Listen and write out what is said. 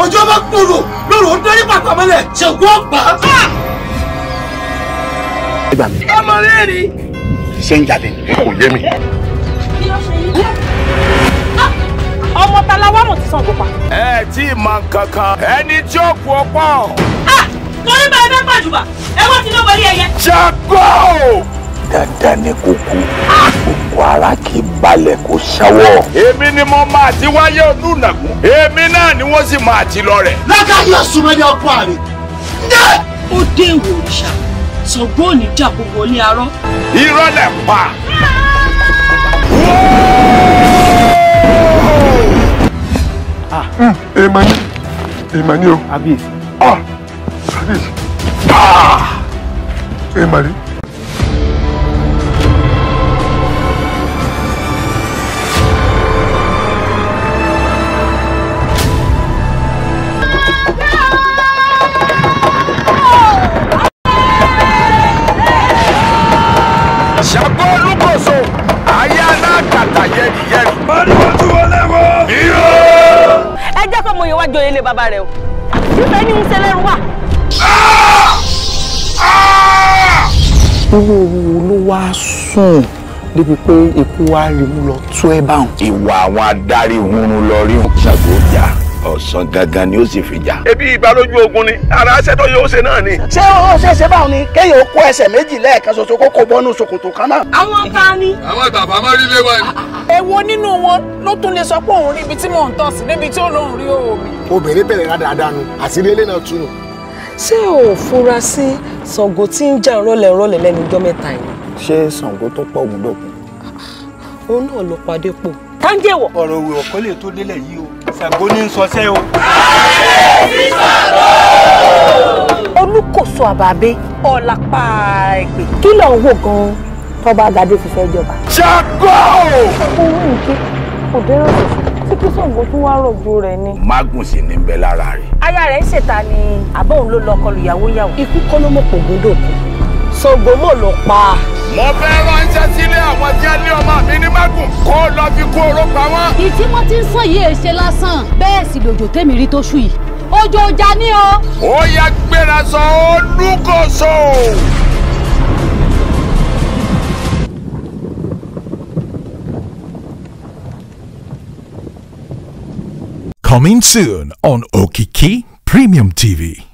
ojú ọmọ kúrò lóru ó dórí pàpà mọ́lẹ̀ ṣègùn ọ̀pá. ọmọ rẹ̀ rí. ṣé ń jáde kò yé mi. ọmọ talawa mo ti sàn kópa. ẹ tí ì máa ń kankan ẹni tí ó kú ọ̀pọ̀. Ah! torí bá ẹ fẹ́ pàjùbà ẹ wọ́n ti ló wọlé ẹyẹ. ṣàgbọ́. dandan ni kúkú gbogbo ara kì í balẹ̀ kó emi ni mo máa ti wáyé olùnàgún èmi ni wọ́n sì lọ rẹ̀. lákàtúntì ọ̀sùn mẹ́rin ọkọ rẹ̀. ó dé ìwò òrìṣà ṣọ̀gbọ́n ò ní jà kó wọlé arọ́. irọ́ lẹ̀ pa. èèmọ̀ ah, eh, ni eh, èèmọ̀ Ṣàngó Olúkòso ayé alákàtà yẹrìyẹrì. pariwo tí wọ́n lẹ́wọ́. irọ́. ẹ jẹ́ kó mo yẹ wá ilé bàbá rẹ o síbẹ̀ ni ń ṣẹlẹ́rù wà. irú ooru wo ló wá sùn débi pé ikú wa rí mú lọ tó ẹ báwọn. ìwà àwọn adarí hunrun lọ rí Ṣàngó jà ọ̀sán gangan ni ó sì fi jà. ebi ìbálòjú ogun ni ara aṣẹ́tọ́ yóò ṣe náà ni. ṣé ó ṣe ṣe báwọn ni kéèyàn ó kó ẹsẹ̀ méjì lẹ́ẹ̀kan ṣoṣo kó kó bọ́nú ṣòkòtò kan náà. àwọn ta ni. àwọn bàbá máa rí léwá ni. èwo nínú wọn ló tún lè sọ pé òun rí ibi tí mò ń tọ̀ sí níbi tí ó lóun rí omi. obìnrin bẹ̀rẹ̀ rádaràda àti ilé náà túnú. ṣé o fura sí Ṣàngó tí ń jà rọlẹ̀ rọlẹ̀ lẹ́nu ọjọ́ mẹ́ta yìí. ṣé Ṣàngó tó pọ̀ òun dọ̀kun. òun náà ló padé pò. táǹjẹ̀wọ̀. ọ̀rọ̀ òwe ọ̀kọ́lẹ̀ tó délẹ̀ yìí Ṣàngó ní sọsẹ́ o. kábíyèsí Ṣàngó. olùkóso àbàbí ọ̀làpá ẹ̀gbẹ́ kí ló ń wò gan-an tọ́ba àgàdé fi fẹ́ jọba. Ṣàngó. ó wù ní kí òde rẹ̀ sọ̀tún tún wá rọ̀gbọ̀ rẹ̀ ni. magun sì ní bẹ lára rẹ̀. aya rẹ̀ ń ṣètà ni àbọ̀ òun ló lọ kọlu ìyàwó yàwó. ikú kọ́ ló mọ̀ pògùn dòkun. Ṣàngómọ̀ ló pa. mo fẹ́ ránṣẹ́ sílé àwọn tí a lé ọmọ mi ní mágùn kó lọ fi kó oró pa wọ́n. ìtí wọ́n ti ń sàn yìí èṣe lásán bẹ́ẹ̀ sì lòjò tèmi rí tó ṣù yìí ojú ọjà ni o. ó yá gbéra sọ ó lúkọ̀ọ́sọ. Coming soon on Okiki Premium TV.